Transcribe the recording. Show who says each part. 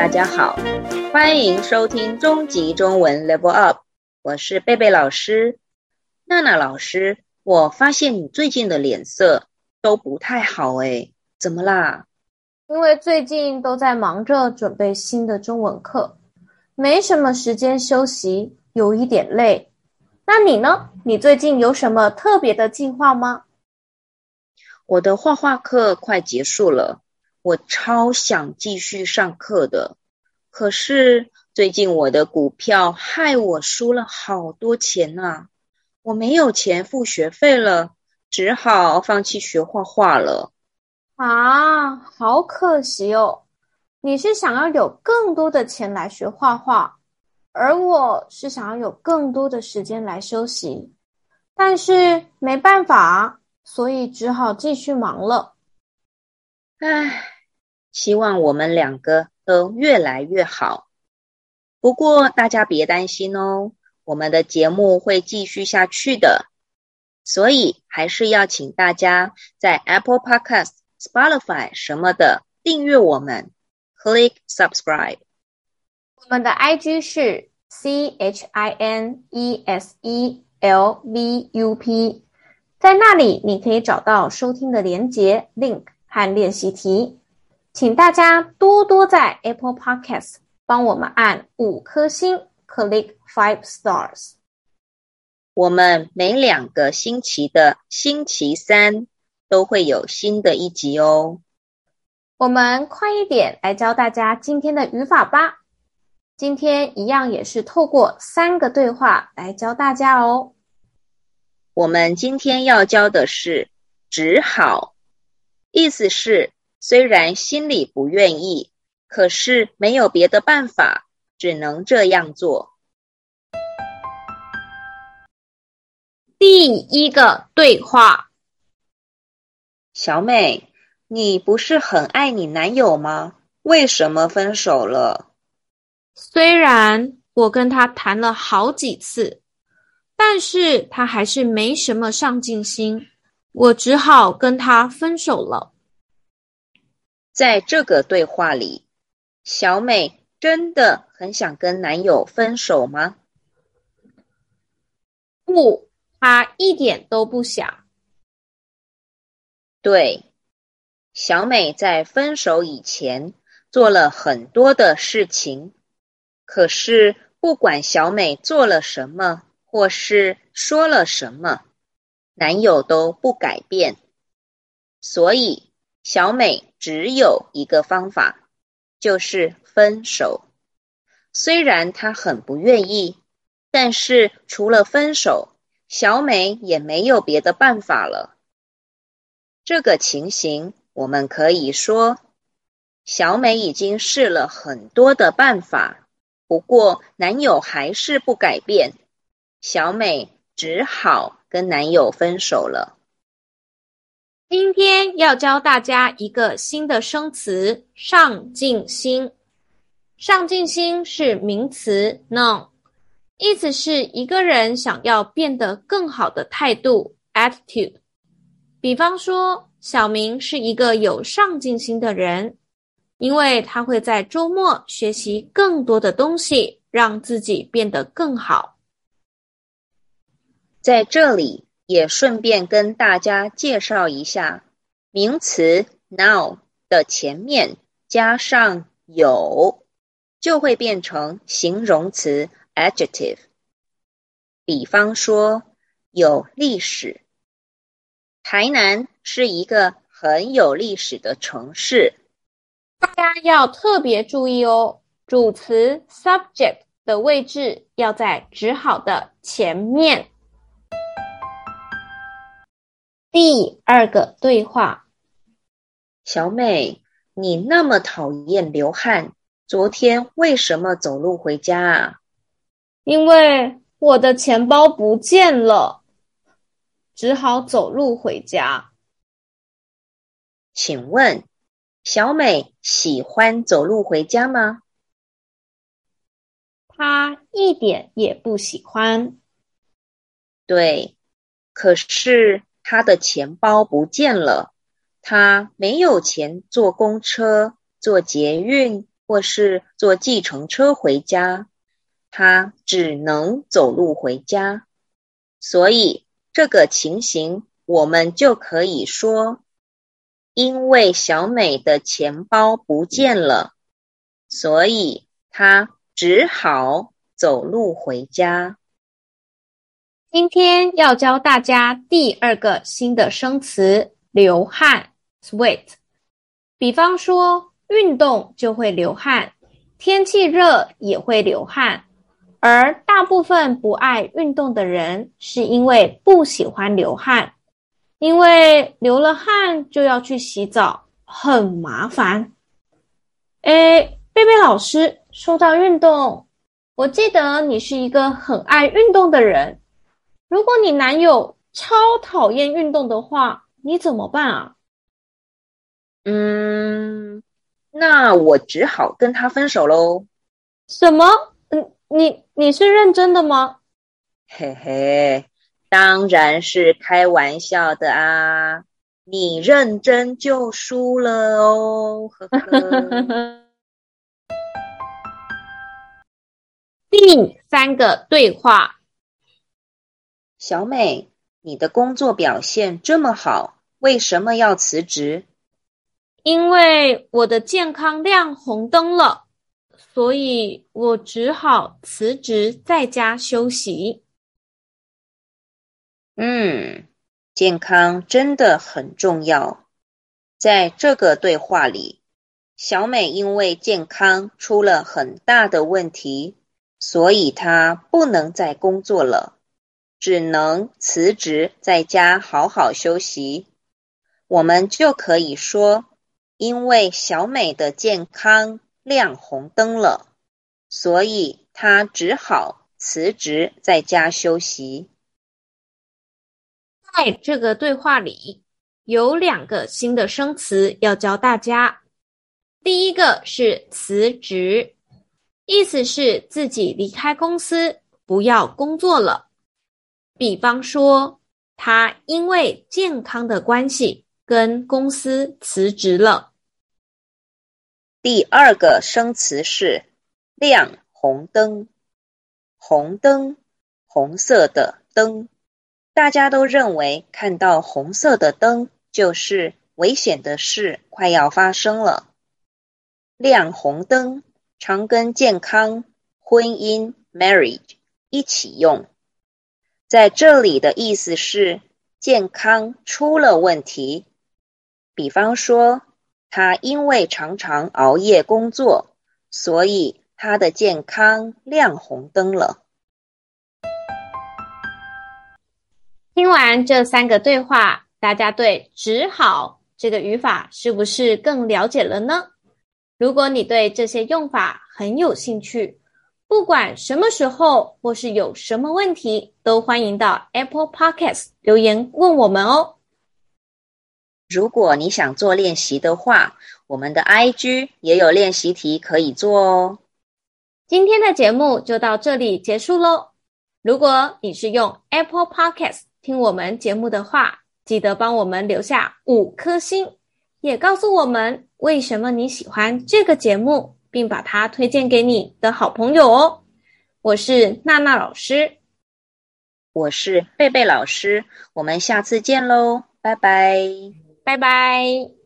Speaker 1: 大家好，歡迎收聽中級中文 Level Up，我是貝貝老師，娜娜老師。我發現你最近的臉色都不太好哎，怎麼啦？
Speaker 2: 因為最近都在忙着準備新的中文課，沒什麼時間休息，有一點累。那你呢？你最近有什麼特別的計劃嗎？我的畫畫課快結束了。我超想繼
Speaker 1: 續上課的，可是最近我的股票害我輸了好多錢吶、啊，我沒有錢付學費了，只好放棄學畫畫
Speaker 2: 了。啊，好可惜哦！你是想要有更多的錢來學畫畫，而我是想要有更多的時間來休息，但是沒辦法，所以只好繼續忙了。唉。希望我
Speaker 1: 們兩個都越來越好。不過大家別擔心哦，我們的節目會繼續下去的。所以還是要請大家在 Apple Podcast、Spotify 什麼的訂閱我們，Click Subscribe。
Speaker 2: 我們的 IG 是 C H I N E S E L V U P，在那裡你可以找到收聽的連結 Link 和練習題。請大家多多在 Apple Podcast 幫我們按五顆星，click five stars。
Speaker 1: 我們每兩個星期的星期
Speaker 2: 三都會有新的一集哦。我們快一點來教大家今天的語法吧。今天一樣也是透過三個對話來教大家哦。我們今天要教的是
Speaker 1: 只好，意思是，雖然心裡不願意，可是沒有別的辦法，只能這樣做。第一個對話。小美，你不是很愛你男友嗎？
Speaker 2: 為什麼分手了？雖然我跟他談了好幾次，但是他還是沒什麼上進心，我只好跟他分手了。在這個對話裡，
Speaker 1: 小美真的很想跟男友分手嗎？不，她一點都不想。對，小美在分手以前做了很多的事情，可是不管小美做了什麼，或是說了什麼，男友都不改變。所以，小美。只有一個方法，就是分手。雖然她很不願意，但是除了分手，小美也沒有別的辦法了。這個情形，我們可以說，小美已經試了很多的辦法，不過男友還是不改變，小美只好跟男友分手了。
Speaker 2: 今天要教大家一個新的生詞“上進心”。上進心是名詞，noun，意思是一個人想要變得更好的態度 （attitude）。比方說，小明是一個有上進心的人，因為他會在周末學習更多的東西，讓自己變得更好。在這裡。也順便跟大家介
Speaker 1: 紹一下，名詞 noun 的前面加上有，就會變成形容詞 adjective。比方說，有歷史。台南是一個很有歷史的城市。大家
Speaker 2: 要特別注意哦，主詞 subject 的位置要在只好的前面。第
Speaker 1: 二個對話，小美，你那麼討厭
Speaker 2: 流汗，昨天為什麼走路回家啊？因為我的錢包不見了，只好走路回家。請問，小美喜歡
Speaker 1: 走路回家嗎？
Speaker 2: 她
Speaker 1: 一點也不喜歡。對，可是。她的錢包不見了，她沒有錢坐公車、坐捷運或是坐計程車回家，她只能走路回家。所以這個情形，我們就可以說：因為小美的錢包不見了，所以她只好走路回家。
Speaker 2: 今天要教大家第二個新的生詞“流汗 ”（sweat）。比方說，運動就會流汗，天氣熱也會流汗。而大部分不愛運動的人，是因為不喜歡流汗，因為流了汗就要去洗澡，很麻煩。哎，貝貝老師，說到運動，我記得你是一個很愛運動的人。如果你男友超討厭運動的話，你怎麼辦啊？嗯，那我只好跟他分手嘍。什麼？嗯，你你是認真的嗎？嘿
Speaker 1: 嘿，當然是開玩笑的啊！
Speaker 2: 你認真就輸了哦，呵呵。 第三個對
Speaker 1: 話。小美，你的工作表現這麼好，為什麼要辭職？
Speaker 2: 因為我的健康亮紅燈了，所以我只好辭職在家休息。
Speaker 1: 嗯，健康真的很重要。在這個對話裡，小美因為健康出了很大的問題，所以她不能再工作了。只能辭職在家好好休息，我們就可以說，因為小美的健康亮紅燈了，所以她只好辭職
Speaker 2: 在家休息。在這個對話裡，有兩個新的生詞要教大家。第一個是辭職，意思是自己離開公司，不要工作了。比方說，他因為健康的關係跟公司辭職了。第二
Speaker 1: 個生詞是“亮紅燈”，紅燈，紅色的燈，大家都認為看到紅色的燈就是危險的事快要發生了。亮紅燈常跟健康、婚姻 （marriage） 一起用。在這裡的意思是健康出了問題，比方說他因為常常熬夜工作，所以他的健康亮紅燈了。
Speaker 2: 聽完這三個對話，大家對只好這個語法是不是更了解了呢？如果你對這些用法很有興趣，不管什麼時候或是有什麼問題，都歡迎到 Apple Podcast 留言問我們哦。
Speaker 1: 如果你想做練習的話，我們的 IG 也有練習題可以做哦。
Speaker 2: 今天的節目就到這裡結束嘍。如果你是用 Apple Podcast 聽我們節目的話，記得幫我們留下五顆星，也告訴我們為什麼你喜歡這個節目。並把它推薦給你的好朋友哦，我是娜娜老師，
Speaker 1: 我是貝貝老師，我們下次見嘍，拜拜，
Speaker 2: 拜拜。